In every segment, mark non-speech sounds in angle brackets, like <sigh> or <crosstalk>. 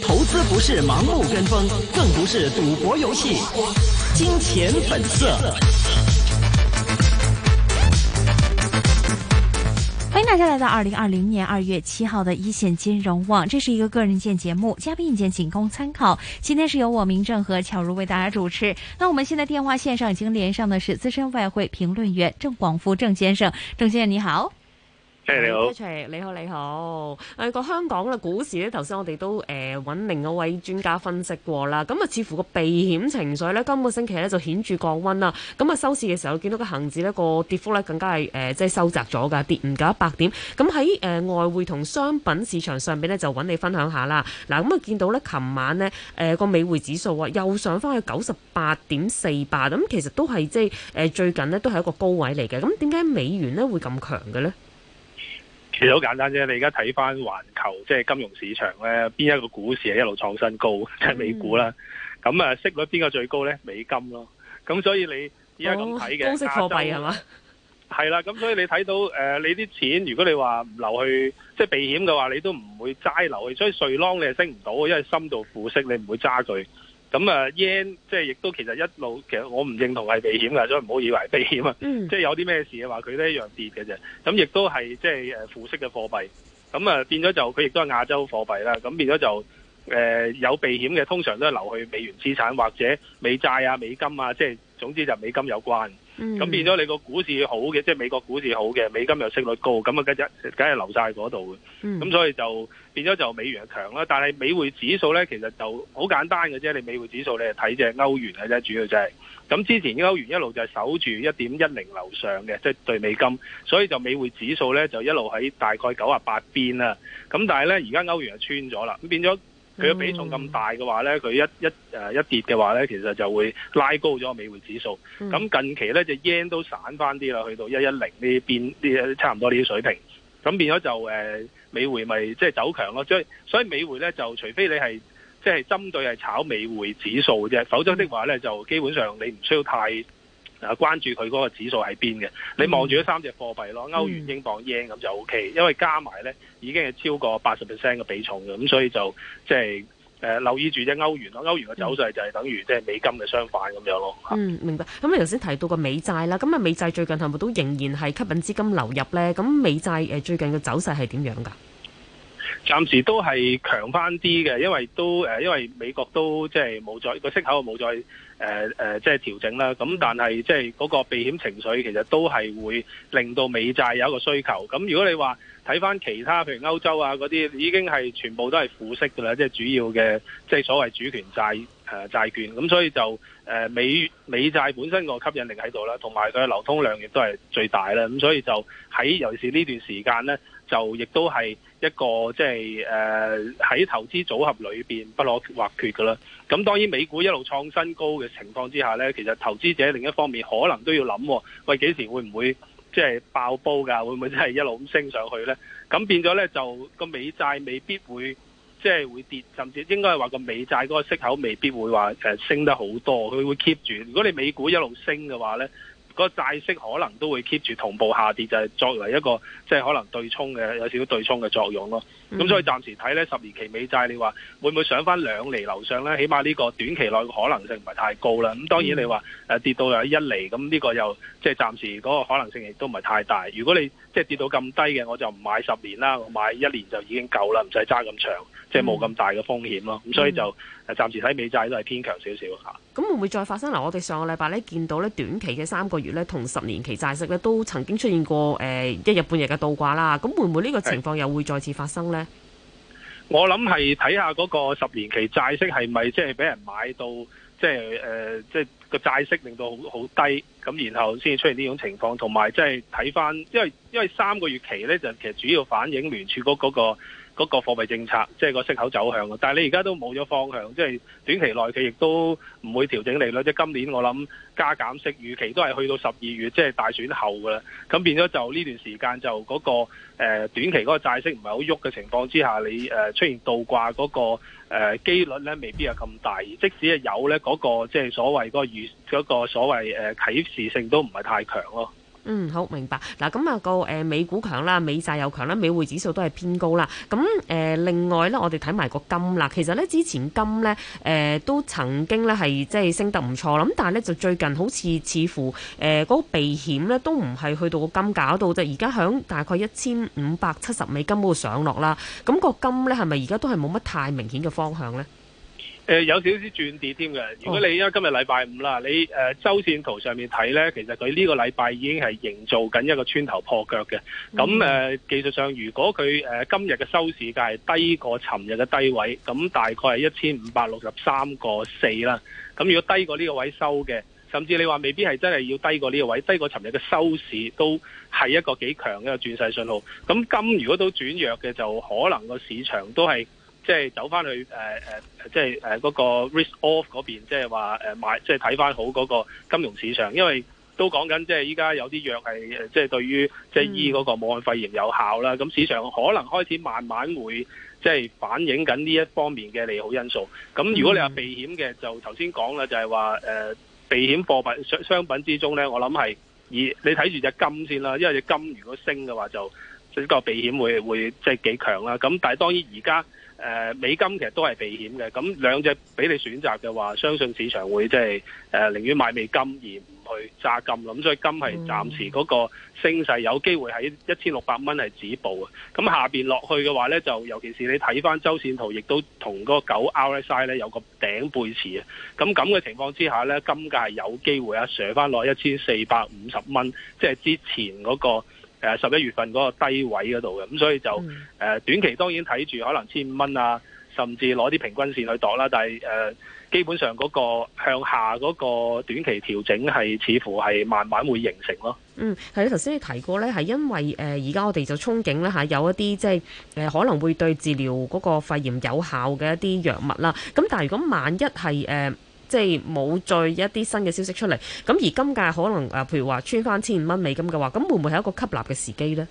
投資不是盲目跟風，更不是賭博遊戲。金錢本色，歡迎大家來到二零二零年二月七號的一線金融網，這是一個個人見節目，嘉賓意見僅，僅供參考。今天是由我明正和巧如為大家主持。那我們現在電話線上已經連上的是資深外匯評論員鄭廣復鄭先生，鄭先生你好。Hey, 你好, Hey, 你好，你好，你、哎、好，誒，個香港咧，股市咧，頭先我哋都誒搵、呃、另一位專家分析過啦。咁啊，似乎個避險情緒咧，今個星期咧就顯著降温啦。咁啊，收市嘅時候見到個恒指呢個跌幅咧更加係誒、呃，即係收窄咗嘅，跌唔夠一百點。咁喺誒外匯同商品市場上邊咧，就搵你分享一下啦。嗱，咁啊，見到咧，琴晚咧誒、呃、個美匯指數啊又上翻去九十八點四八，咁其實都係即係誒最近呢都係一個高位嚟嘅。咁點解美元咧會咁強嘅咧？其實好簡單啫，你而家睇翻環球即係、就是、金融市場咧，邊一個股市係一路創新高，即、就、係、是、美股啦。咁啊、嗯，息率邊個最高咧？美金咯。咁所以你而家咁睇嘅高息貨幣係嘛？係啦、哦，咁所以你睇到誒、呃，你啲錢如果你話唔留去，即、就、係、是、避險嘅話，你都唔會齋留去。所以瑞郎你係升唔到，因為深度負息你唔會揸佢。咁啊 yen 即係亦都其實一路，其實我唔認同係避險嘅，所以唔好以為避險啊，嗯、即係有啲咩事嘅話，佢都一樣跌嘅啫。咁亦都係即係誒付息嘅貨幣，咁啊變咗就佢亦都係亞洲貨幣啦。咁變咗就誒、呃、有避險嘅，通常都係流去美元資產或者美債啊、美金啊，即係總之就美金有關。咁、嗯、變咗你個股市好嘅，即、就是、美國股市好嘅，美金又息率高，咁啊，梗係梗係留晒嗰度嘅。咁、嗯、所以就變咗就美元強啦。但係美匯指數咧，其實就好簡單嘅啫。你美匯指數你係睇隻歐元嘅啫，主要就係、是。咁之前歐元一路就係守住一點一零樓上嘅，即、就、係、是、對美金，所以就美匯指數咧就一路喺大概九十八邊啦。咁但係咧而家歐元就穿咗啦，咁變咗。佢嘅比重咁大嘅話咧，佢一一誒一跌嘅話咧，其實就會拉高咗美匯指數。咁近期咧隻 yen 都散翻啲啦，去到一一零呢邊呢，差唔多呢啲水平。咁變咗就誒美匯咪即係走強咯。所以所以美匯咧就除非你係即係針對係炒美匯指數啫，否則的話咧就基本上你唔需要太。啊！關注佢嗰個指數喺邊嘅，你望住嗰三隻貨幣咯，歐元、英鎊、yen 咁就 O K，因為加埋咧已經係超過八十 percent 嘅比重嘅，咁所以就即係誒留意住隻歐元咯，歐元嘅走勢就係等於即係美金嘅相反咁樣咯。嗯，明白。咁你頭先提到個美債啦，咁啊，美債最近係咪都仍然係吸引資金流入咧？咁美債誒最近嘅走勢係點樣㗎？暫時都係強翻啲嘅，因為都因為美國都即係冇再個息口冇再即係、呃呃就是、調整啦。咁但係即係嗰個避險情緒其實都係會令到美債有一個需求。咁如果你話睇翻其他，譬如歐洲啊嗰啲已經係全部都係負息㗎啦，即、就、係、是、主要嘅即係所謂主權債誒、呃、債券。咁所以就、呃、美美債本身個吸引力喺度啦，同埋佢嘅流通量亦都係最大啦。咁所以就喺尤其是呢段時間咧，就亦都係。一個即係誒喺投資組合裏邊不可或缺嘅啦，咁當然美股一路創新高嘅情況之下呢，其實投資者另一方面可能都要諗、哦，喂，幾時會唔會即係爆煲㗎？會唔會真係一路咁升上去呢？咁變咗呢，就個美債未必會即係、就是、會跌，甚至應該係話個美債嗰個息口未必會話誒升得好多，佢會 keep 住。如果你美股一路升嘅話呢。個債息可能都會 keep 住同步下跌，就係、是、作為一個即係、就是、可能對沖嘅有少少對沖嘅作用咯。咁、嗯、所以暫時睇咧，十年期美債你話會唔會上翻兩厘樓上咧？起碼呢個短期內嘅可能性唔係太高啦。咁當然你話跌到有一厘，咁呢個又即係暫時嗰個可能性亦都唔係太大。如果你即係跌到咁低嘅，我就唔買十年啦，我買一年就已經夠啦，唔使揸咁長，即係冇咁大嘅風險咯。咁、嗯嗯、所以就誒暫時睇美債都係偏強少少嚇。咁會唔會再發生？嗱，我哋上個禮拜咧見到咧短期嘅三個月咧同十年期債息咧都曾經出現過一日半日嘅倒掛啦。咁會唔會呢個情況又會再次發生咧？我諗係睇下嗰個十年期債息係咪即係俾人買到，即係，即係誒，即係個債息令到好好低，咁然後先至出現呢種情況，同埋即係睇翻，因為因為三個月期呢，就其實主要反映聯儲局嗰個。嗰個貨幣政策，即係個息口走向，但係你而家都冇咗方向，即係短期內佢亦都唔會調整利率。即係今年我諗加減息預期都係去到十二月，即係大選後㗎啦。咁變咗就呢段時間就嗰個，呃，短期嗰個債息唔係好喐嘅情況之下，你誒出現倒掛嗰個，呃，機率咧，未必係咁大。即使係有咧，嗰個即係所謂嗰個預嗰個所謂誒啟示性都唔係太強咯。嗯，好明白嗱。咁啊，那個誒美股強啦，美債又強啦，美匯指數都係偏高啦。咁誒、呃，另外咧，我哋睇埋個金啦。其實咧，之前金咧誒、呃、都曾經咧係即係升得唔錯啦。咁但係咧，就最近好似似乎誒嗰、呃那個避險咧都唔係去到個金價嗰度。而家響大概一千五百七十美金嗰度上落啦。咁、那個金咧係咪而家都係冇乜太明顯嘅方向咧？誒、呃，有少少轉跌添嘅。如果你今日禮拜五啦，你誒、呃、周線圖上面睇呢，其實佢呢個禮拜已經係營造緊一個穿頭破腳嘅。咁誒、嗯呃、技術上，如果佢誒、呃、今日嘅收市價係低過尋日嘅低位，咁大概係一千五百六十三個四啦。咁如果低過呢個位收嘅，甚至你話未必係真係要低過呢個位，低過尋日嘅收市都係一個幾強嘅一個轉勢信號。咁今如果都轉弱嘅，就可能個市場都係。即係走翻去誒誒、呃，即係誒嗰個 risk off 嗰邊，即係話誒買，即係睇翻好嗰個金融市場，因為都講緊即係依家有啲藥係誒，即係對於即係醫嗰個武漢肺炎有效啦。咁市場可能開始慢慢會即係反映緊呢一方面嘅利好因素。咁如果你話避險嘅，就頭先講啦，就係話誒避險貨品商商品之中咧，我諗係以你睇住隻金先啦，因為隻金如果升嘅話就，就、那、呢個避險會會即係幾強啦。咁但係當然而家。誒、呃、美金其實都係避險嘅，咁兩隻俾你選擇嘅話，相信市場會即係誒寧願買美金而唔去揸金啦。咁所以金係暫時嗰個升勢有機會喺一千六百蚊係止步啊。咁下邊落去嘅話咧，就尤其是你睇翻週線圖，亦都同個九 RSI 咧有個頂背馳啊。咁咁嘅情況之下咧，金價係有機會瀉翻落一千四百五十蚊，即、就、係、是、之前嗰、那個，誒十一月份嗰個低位嗰度嘅。咁，所以就誒短期當然睇住可能千五蚊啊，甚至攞啲平均線去度啦。但係誒基本上嗰個向下嗰個短期調整係似乎係慢慢會形成咯。嗯，係你頭先你提過咧，係因為誒而家我哋就憧憬咧嚇有一啲即係誒可能會對治療嗰個肺炎有效嘅一啲藥物啦。咁但係如果萬一係誒。即係冇再一啲新嘅消息出嚟，咁而金價可能誒，譬如話穿翻千五蚊美金嘅話，咁會唔會係一個吸納嘅時機呢？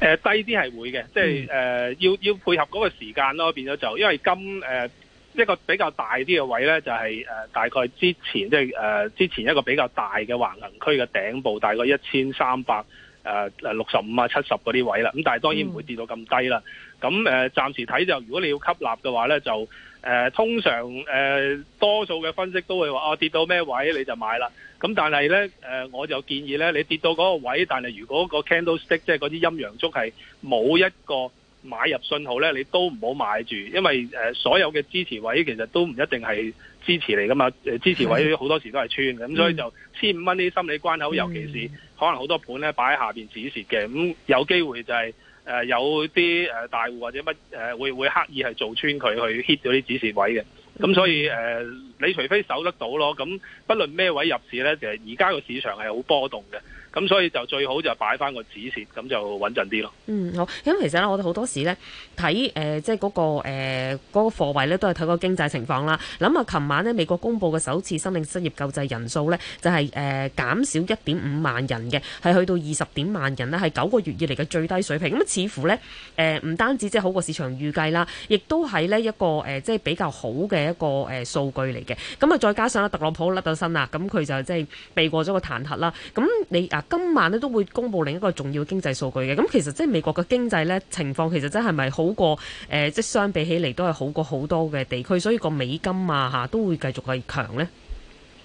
誒、呃、低啲係會嘅，嗯、即係誒、呃、要要配合嗰個時間咯，變咗就因為金誒、呃、一個比較大啲嘅位呢，就係、是、誒、呃、大概之前即係誒之前一個比較大嘅橫行區嘅頂部，大概一千三百誒誒六十五啊七十嗰啲位啦。咁但係當然唔會跌到咁低啦。咁誒、嗯呃、暫時睇就，如果你要吸納嘅話呢，就。誒、呃、通常誒、呃、多數嘅分析都會話啊跌到咩位你就買啦，咁、嗯、但係咧誒我就建議咧你跌到嗰個位，但係如果個 candlestick 即係嗰啲陰陽竹係冇一個買入信號咧，你都唔好買住，因為誒、呃、所有嘅支持位其實都唔一定係支持嚟噶嘛，支持位好多時都係穿嘅，咁 <laughs> 所以就千五蚊呢啲心理關口， <laughs> 尤其是可能好多盤咧擺喺下邊止蝕嘅，咁、嗯、有機會就係、是。誒、呃、有啲誒大戶或者乜誒會會刻意係做穿佢去 hit 咗啲指示位嘅，咁所以誒、呃，你除非守得到咯，咁不論咩位入市咧，其實而家個市場係好波動嘅。咁所以就最好就擺翻個止蝕，咁就穩陣啲咯。嗯，好。咁其實咧，我哋好多時咧睇即係嗰個誒嗰、呃那個貨幣咧，都係睇個經濟情況啦。諗下，琴晚咧美國公佈嘅首次申請、失業救濟人數咧、就是，就係誒減少一點五萬人嘅，係去到二十點萬人呢，係九個月以嚟嘅最低水平。咁似乎咧唔、呃、單止即係好過市場預計啦，亦都係咧一個即係、呃就是、比較好嘅一個誒數據嚟嘅。咁啊，再加上啦，特朗普甩咗身啦，咁佢就即係避過咗個彈劾啦。咁你？今晚咧都會公布另一個重要經濟數據嘅，咁其實即係美國嘅經濟咧情況，其實真係咪好過誒、呃？即相比起嚟都係好過好多嘅地區，所以個美金啊嚇都會繼續係強呢？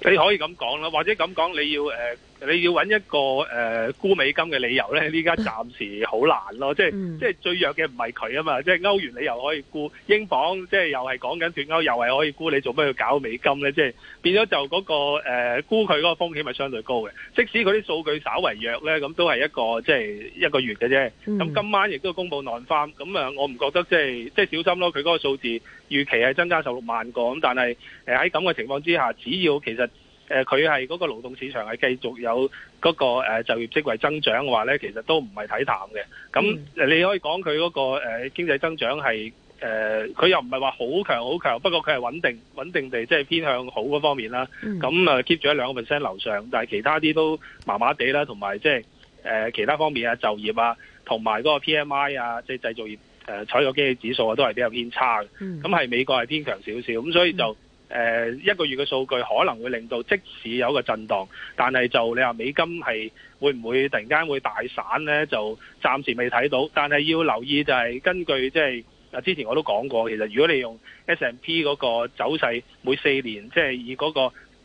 你可以咁講啦，或者咁講你要誒。呃你要揾一個誒、呃、沽美金嘅理由咧，呢家暫時好難咯。即係即係最弱嘅唔係佢啊嘛，即係歐元你又可以沽，英鎊即係又係講緊脱歐，又係可以沽你。你做咩要搞美金咧？即係變咗就嗰、那個誒、呃、沽佢嗰個風險係相對高嘅。即使佢啲數據稍為弱咧，咁都係一個即係一個月嘅啫。咁、嗯、今晚亦都公布內翻，咁啊，我唔覺得即係即係小心咯。佢嗰個數字預期係增加十六萬個咁，但係誒喺咁嘅情況之下，只要其實。誒，佢係嗰個勞動市場係繼續有嗰個就業職位增長嘅話咧，其實都唔係睇淡嘅。咁你可以講佢嗰個誒經濟增長係誒佢又唔係話好強好強，不過佢係穩定穩定地即係偏向好嗰方面啦。咁誒 keep 住喺兩個 percent 樓上，但係其他啲都麻麻地啦，同埋即係誒其他方面啊，就業啊，同埋嗰個 P M I 啊，即係製造業誒採購經理指數啊，都係比較偏差嘅。咁係美國係偏強少少，咁所以就。誒、呃、一個月嘅數據可能會令到即使有一個震盪，但係就你話美金係會唔會突然間會大散呢？就暫時未睇到，但係要留意就係根據即、就、係、是、之前我都講過，其實如果你用 S&P 嗰個走勢，每四年即係、就是、以嗰、那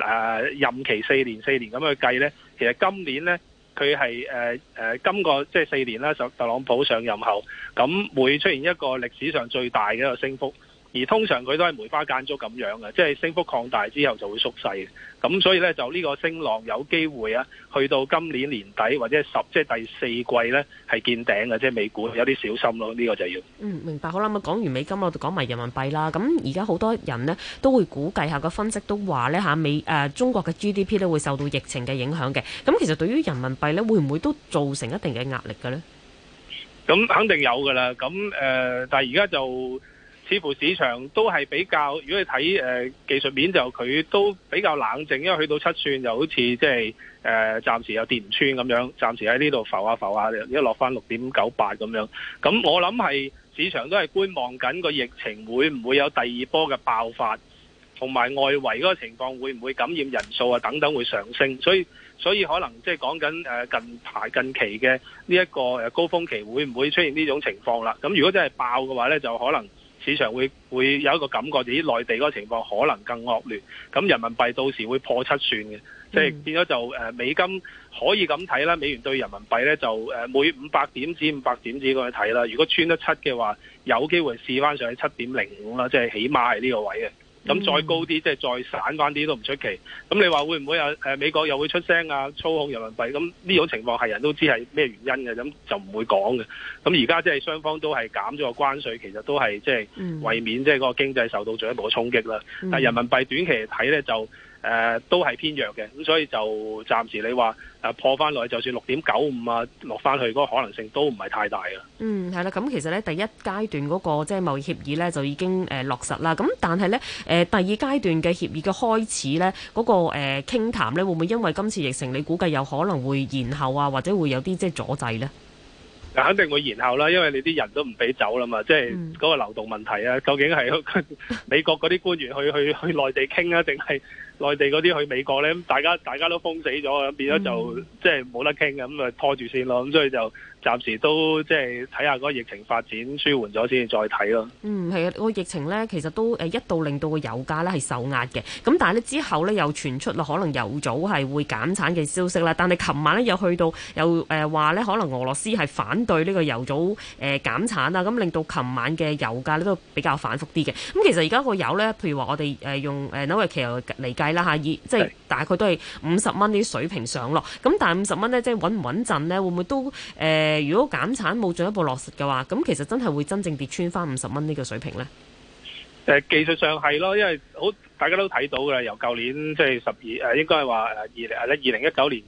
個、呃、任期四年四年咁去計呢，其實今年呢，佢係誒誒今個即係、就是、四年啦，特朗普上任後，咁會出現一個歷史上最大嘅一個升幅。而通常佢都係梅花間竹咁樣嘅，即係升幅擴大之後就會縮細嘅。咁所以呢，就呢個升浪有機會啊，去到今年年底或者十即係第四季呢，係見頂嘅。即係美股有啲小心咯，呢、這個就要。嗯，明白。好啦，咁講完美金，我哋講埋人民幣啦。咁而家好多人呢，都會估計下個分析都話呢，嚇美誒、呃、中國嘅 GDP 呢會受到疫情嘅影響嘅。咁其實對於人民幣呢，會唔會都造成一定嘅壓力嘅呢？咁、嗯、肯定有㗎啦。咁誒、呃，但係而家就。似乎市場都係比較，如果你睇誒、呃、技術面就佢都比較冷靜，因為去到七算、就是呃、又好似即係誒暫時又跌唔穿咁樣，暫時喺呢度浮下浮下，一落返六點九八咁樣。咁我諗係市場都係觀望緊個疫情會唔會有第二波嘅爆發，同埋外圍嗰個情況會唔會感染人數啊等等會上升，所以所以可能即係講緊誒近排近期嘅呢一個高峰期會唔會出現呢種情況啦？咁如果真係爆嘅話呢，就可能。市場會會有一個感覺，自己內地嗰個情況可能更惡劣，咁人民幣到時會破七算嘅。嗯、即係變咗就美金可以咁睇啦，美元對人民幣咧就每五百點子五百點子咁去睇啦。如果穿得七嘅話，有機會試翻上去七點零五啦，即係起碼係呢個位嘅。咁、嗯、再高啲，即係再散翻啲都唔出奇。咁你話會唔會又美國又會出聲啊，操控人民幣？咁呢種情況係人都知係咩原因嘅，咁就唔會講嘅。咁而家即係雙方都係減咗個關稅，其實都係即係為免即係嗰個經濟受到進一步嘅衝擊啦。但係人民幣短期嚟睇咧就。誒、呃，都係偏弱嘅，咁所以就暫時你話誒、啊、破翻落去，就算六點九五啊落翻去，嗰個可能性都唔係太大嘅。嗯，係啦，咁其實咧第一階段嗰、那個即係貿易協議咧就已經誒、呃、落實啦。咁但係咧誒第二階段嘅協議嘅開始咧嗰、那個誒傾談咧會唔會因為今次疫情你估計有可能會延後啊，或者會有啲即係阻滯咧？肯定會延後啦，因為你啲人都唔俾走啦嘛，即係嗰個流動問題啊。究竟係、嗯、美國嗰啲官員去 <laughs> 去去內地傾啊，定係？內地嗰啲去美國咧，咁大家大家都封死咗，變咗就、嗯、即係冇得傾嘅，咁啊拖住先咯，咁所以就暫時都即係睇下嗰個疫情發展舒緩咗先，再睇咯。嗯，係啊，個疫情咧其實都誒一度令到個油價咧係受壓嘅，咁但係咧之後咧又傳出啦可能油組係會減產嘅消息啦，但係琴晚咧又去到又誒話咧可能俄羅斯係反對呢個油組誒、呃、減產啊，咁令到琴晚嘅油價呢都比較反覆啲嘅。咁其實而家個油咧，譬如話我哋誒用誒紐約期油嚟計。係啦，吓，即係大概都係五十蚊啲水平上落。咁但係五十蚊咧，即係穩唔穩陣咧？會唔會都誒、呃？如果減產冇進一步落實嘅話，咁其實真係會真正跌穿翻五十蚊呢個水平咧？誒、呃，技術上係咯，因為好大家都睇到噶啦，由舊年即係十二誒，就是、12, 應該係話誒二零一二零一九年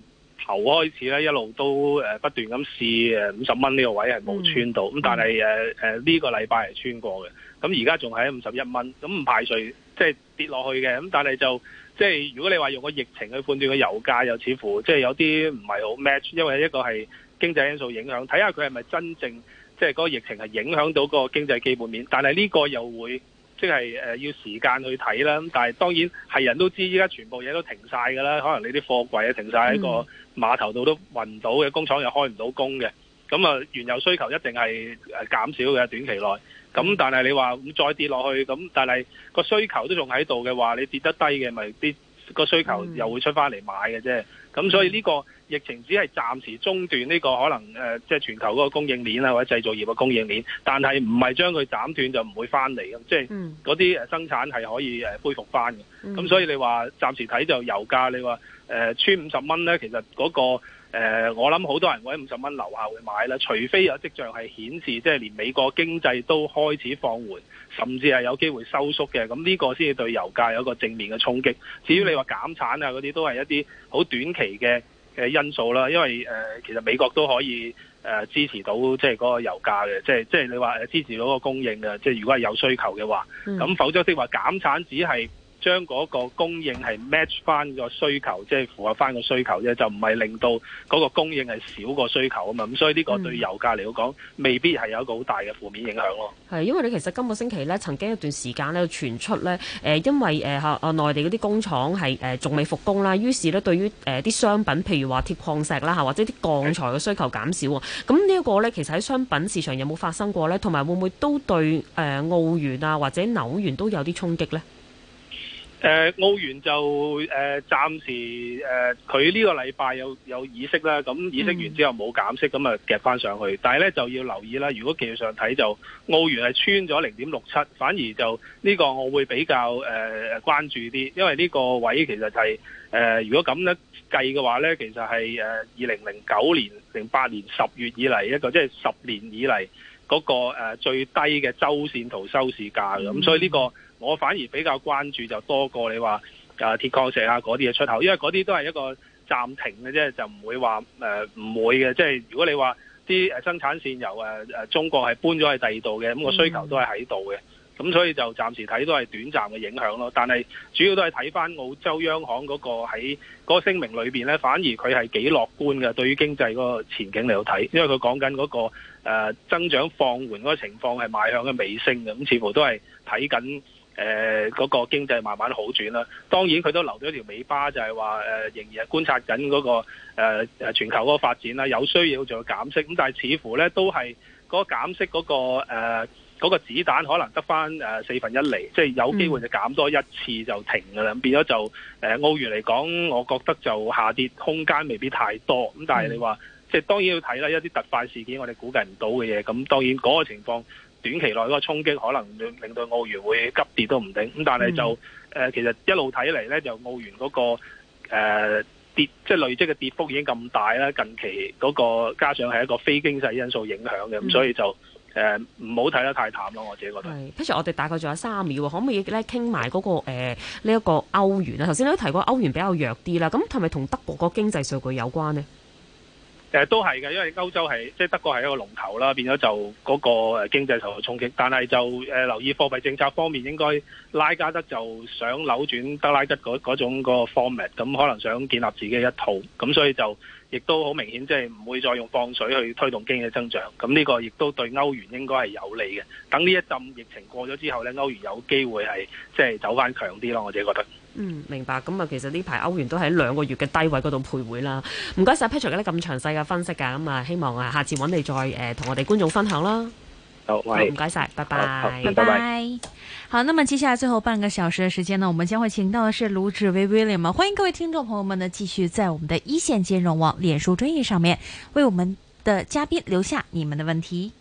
頭開始咧，一路都誒不斷咁試誒五十蚊呢個位係冇穿到。咁、嗯、但係誒誒呢個禮拜係穿過嘅。咁而家仲係喺五十一蚊。咁唔排除即係跌落去嘅。咁但係就。即係如果你話用個疫情去判斷個油價，又似乎即係有啲唔係好 match，因為一個係經濟因素影響，睇下佢係咪真正即係嗰個疫情係影響到個經濟基本面。但係呢個又會即係誒要時間去睇啦。但係當然係人都知依家全部嘢都停晒㗎啦，可能你啲貨櫃啊，停晒，喺個碼頭度都運唔到嘅，工廠又開唔到工嘅，咁啊，原油需求一定係減少嘅短期內，咁但係你話再跌落去，咁但係個需求都仲喺度嘅話，你跌得低嘅咪啲個需求又會出翻嚟買嘅啫。咁所以呢個疫情只係暫時中斷呢個可能誒，即係全球嗰個供應鏈啊或者製造業嘅供應鏈，但係唔係將佢斬斷就唔會翻嚟嘅，即係嗰啲誒生產係可以誒恢復翻嘅。咁所以你話暫時睇就油價，你話誒穿五十蚊咧，其實嗰個。誒、呃，我諗好多人會喺五十蚊樓下會買啦，除非有跡象係顯示，即係連美國經濟都開始放緩，甚至係有機會收縮嘅，咁呢個先至對油價有一個正面嘅衝擊。至於你話減產啊嗰啲，都係一啲好短期嘅嘅因素啦。因為誒、呃，其實美國都可以誒、呃、支持到即係嗰個油價嘅，即係即係你話支持到個供應嘅，即係如果係有需求嘅話，咁否則即係話減產只係。將嗰個供應係 match 翻個需求，即係符合翻個需求啫，就唔係令到嗰個供應係少個需求啊嘛。咁所以呢個對油價嚟講，未必係有一個好大嘅負面影響咯。係因為你其實今個星期咧，曾經一段時間咧傳出咧，因為呃、內地嗰啲工廠係仲未復工啦，於是咧對於、呃、啲商品，譬如話鐵礦石啦，或者啲鋼材嘅需求減少，咁呢一個咧其實喺商品市場有冇發生過咧？同埋會唔會都對誒、呃、澳元啊或者紐元都有啲衝擊咧？誒澳、呃、元就誒、呃、暫時誒佢呢個禮拜有有議息啦，咁議息完之後冇減息，咁啊夾翻上去。但係咧就要留意啦，如果技術上睇就澳元係穿咗零點六七，反而就呢、呢個我會比較誒、呃、關注啲，因為呢個位其實係、就、誒、是呃、如果咁咧計嘅話咧，其實係誒二零零九年零八年十月以嚟一個即係十年以嚟嗰、嗰個、呃、最低嘅周線圖收市價咁，嗯、所以呢、呢個。我反而比較關注就多過你話啊鐵礦石啊嗰啲嘅出口，因為嗰啲都係一個暫停嘅啫，就唔會話、呃、唔會嘅。即係如果你話啲生產線由誒、啊、中國係搬咗去第二度嘅，咁個需求都係喺度嘅，咁所以就暫時睇都係短暫嘅影響咯。但係主要都係睇翻澳洲央行嗰個喺嗰個聲明裏邊咧，反而佢係幾樂觀嘅，對於經濟嗰個前景嚟到睇。因為佢講緊嗰個、呃、增長放緩嗰個情況係邁向嘅尾聲嘅，咁、嗯、似乎都係睇緊。誒嗰、呃那個經濟慢慢好轉啦，當然佢都留咗條尾巴就是說，就係話誒仍然係觀察緊嗰、那個誒、呃、全球嗰個發展啦。有需要就會減息，咁但係似乎咧都係嗰減息嗰、那個誒嗰、呃那個子彈可能得翻四分一厘，即、就、係、是、有機會就減多一次就停㗎啦。嗯、變咗就誒、呃、澳元嚟講，我覺得就下跌空間未必太多。咁但係你話即係當然要睇啦，一啲突發事件我哋估計唔到嘅嘢，咁當然嗰個情況。短期內嗰個衝擊可能令到澳元會急跌都唔定，咁但係就誒、嗯呃、其實一路睇嚟咧，就澳元嗰、那個、呃、跌，即係累積嘅跌幅已經咁大啦。近期嗰、那個加上係一個非經濟因素影響嘅，咁、嗯、所以就誒唔好睇得太淡咯。我自己覺得。Peter，我哋大概仲有三秒，可唔可以咧傾埋嗰個呢一、呃這個歐元啊？頭先你都提過歐元比較弱啲啦，咁係咪同德國個經濟數據有關呢？誒都係嘅，因為歐洲係即係德國係一個龍頭啦，變咗就嗰個誒經濟受到衝擊，但係就誒留意貨幣政策方面應該拉加德就想扭轉德拉吉嗰嗰種個 format，咁可能想建立自己一套，咁所以就亦都好明顯即係唔會再用放水去推動經濟增長，咁呢個亦都對歐元應該係有利嘅。等呢一陣疫情過咗之後咧，歐元有機會係即係走翻強啲咯，我自己覺得。嗯，明白咁啊、嗯。其實呢排歐元都喺兩個月嘅低位嗰度徘徊啦。唔該晒 Patrick 嘅咁詳細嘅分析噶，咁啊，希望啊下次揾你再誒同、呃、我哋觀眾分享啦、oh, right.。好，唔該晒，拜拜拜拜。好，那麼接下來最後半個小時嘅時間呢，我們將會請到的是盧志威 William，歡迎各位聽眾朋友們呢，繼續在我們的一線金融網臉書專頁上面為我們的嘉賓留下你們的問題。